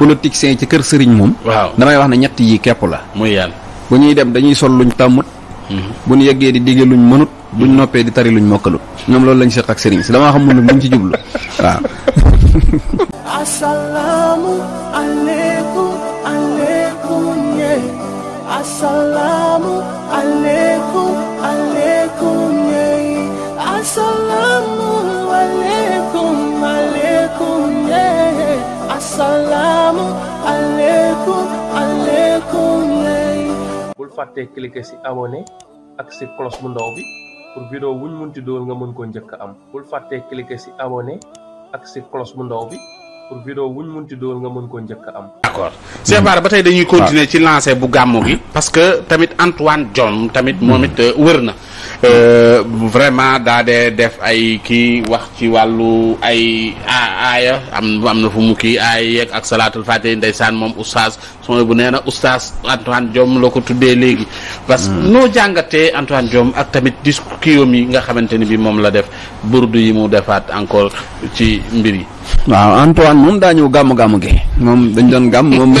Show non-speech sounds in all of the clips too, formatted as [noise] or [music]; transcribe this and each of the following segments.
politicien ci kër serigne mom waaw damay wax na ñett yi képp la muy yaan bu ñuy dem dañuy sol luñ tamut mhm. bu ñu yeggee di digge luñ mënut buñ mhm. noppé di tari luñ mokalu ñom loolu lañ xeq ak serigne ci dama xamul luñ ci jublu [laughs] waaw assalamu alaykum alaykum ye assalamu alaykum alaykum ye assalamu alaykum alaykum ye assalamu salaamu aleykum aleykum lay bul fàttee cliquer ci abonné ak ci cloche bu ndaw bi pour vidéo wuñ munti dool nga mën koo njëkk am bul fàttee cliquer ci abonné ak ci cloche bu ndaw bi pour vidéo wuñ munti dool nga mën koo njëkk am d'accord Cheikh ba tey dañuy continuer ci lancé bu gàmmu gi parce que tamit Antoine Diome tamit moom it hmm. euh, wër na Euh, vraiment daa dee def ay kii wax ci wàllu ay aaya am am na fu mu kii aaya yeeg ak salaatul fatiha ndeysaan moom oustaz suma bu nee na oustaz Antoine Diome la ko tuddee léegi parce que noo jàngatee Antoine Diome ak tamit discours kiyoom yi nga xamante ni bi moom la def burdu yi mu defaat encore ci mbir yi waaw Antoine moom daa ñëw gàmm-gàmm gi moom dañ doon gàmm moom [laughs]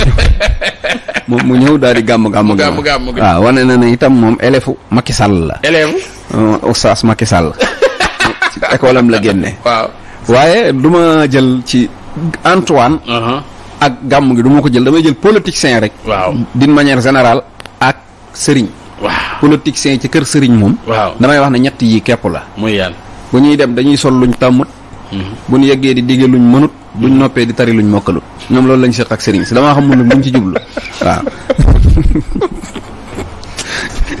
mu daal di gàmm gàmm gi waaw wane na ne itam moom élève Macky sàll la élève Euh, Oustaz Macky Sall [laughs] ci école am la génne. waaw waaye duma jël ci Antoine. Uh-huh. ak gàmm gi duma ko jël damay jël politicien rek. waaw d'une manière générale ak sëriñ. waaw politicien ci kër sëriñ moom. waaw damay wax ne ñett yi kepp la. muy yàlla bu ñuy dem dañuy sol luñ tàmmut. Mm-hmm. bu ñu yeggee di digge luñ mënut. buñ mm-hmm. noppee di tari luñ mokkalut. ñoom loolu lañ seq ak sëriñ si damaa xamul nag luñ ci jublu [laughs] waaw. [laughs]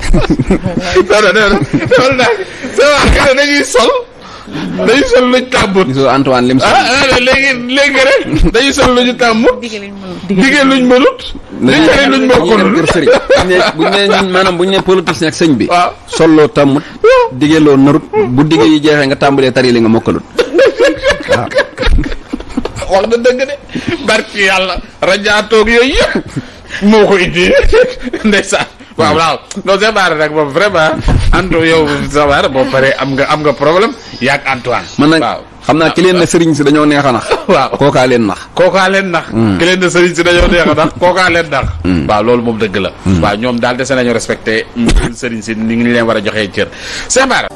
non non non loolu nag sama xel dañuy sol dañuy sol luñ tàmbut Antoine lim ah, ah, sol ah léegi léegi rek dañuy sol luñu tàmbut ya. digee luñ mënut dañuy luñ bokkul ngir sëriñ bu ne ñun maanaam bu ñu ne politicien ak bi sol narut bu digee yi jeexee nga tàmbalee tari li nga mokkalut waaw ah. na dëgg de barki yàlla rajaatoog yooyu [laughs] waaw hmm. waaw non Cheikh Bara rek boobu vraiment Anto yow Cheikh Bara boo paree am nga am nga problème yaag Antoine. waaw man nag xam naa ki leen na sëriñ si dañoo neexa a nax. [laughs] waaw kookaa leen nax. kookaa leen nax. Hmm. ki na sëriñ si dañoo neex a nax kookaa leen nax. Hmm. waaw loolu moom dëgg la. waaw ñoom daal dese nañu respecté sëriñ si ni ngi leen war a joxee cër Cheikh Bara.